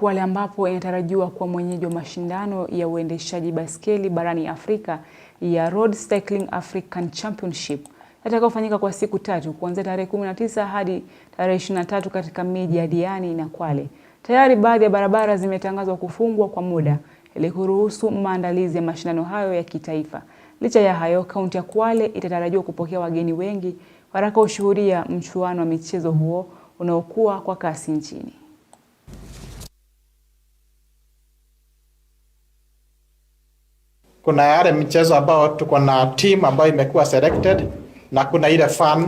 Kwale ambapo inatarajiwa kuwa mwenyeji wa mashindano ya uendeshaji baskeli barani Afrika ya Road Cycling African Championship yatakayofanyika kwa siku tatu kuanzia tarehe 19 hadi tarehe 23 katika miji ya Diani na Kwale. Tayari baadhi ya barabara zimetangazwa kufungwa kwa muda ili kuruhusu maandalizi ya mashindano hayo ya kitaifa. Licha ya hayo, kaunti ya Kwale itatarajiwa kupokea wageni wengi watakaoshuhudia mchuano wa michezo huo unaokuwa kwa kasi nchini. kuna yale michezo ambayo tuko na team ambayo imekuwa selected na kuna ile fun uh,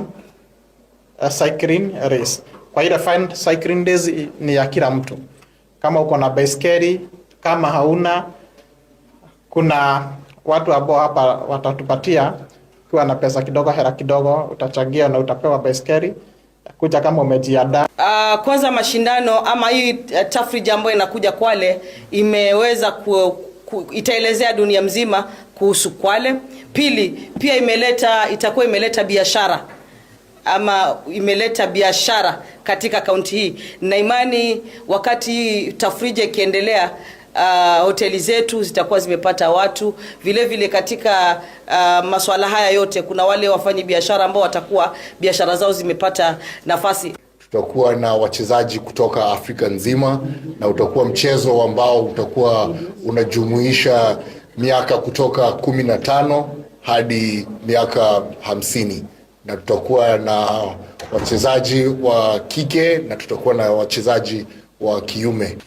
eh, cycling race. Kwa ile fun cycling race ni ya kila mtu, kama uko na baiskeli, kama hauna, kuna watu ambao hapa watatupatia ukiwa na pesa kidogo, hela kidogo, utachangia na utapewa baiskeli kuja kama umejiada. Uh, ah, kwanza mashindano ama hii uh, eh, tafrija ambayo inakuja Kwale imeweza ku itaelezea dunia mzima kuhusu Kwale. Pili, pia imeleta itakuwa imeleta biashara ama imeleta biashara katika kaunti hii, na imani wakati hii tafrija ikiendelea Uh, hoteli zetu zitakuwa zimepata watu vile vile. Katika uh, masuala haya yote, kuna wale wafanyi biashara ambao watakuwa biashara zao zimepata nafasi tutakuwa na wachezaji kutoka Afrika nzima, na utakuwa mchezo ambao utakuwa unajumuisha miaka kutoka kumi na tano hadi miaka hamsini na tutakuwa na wachezaji wa kike na tutakuwa na wachezaji wa kiume.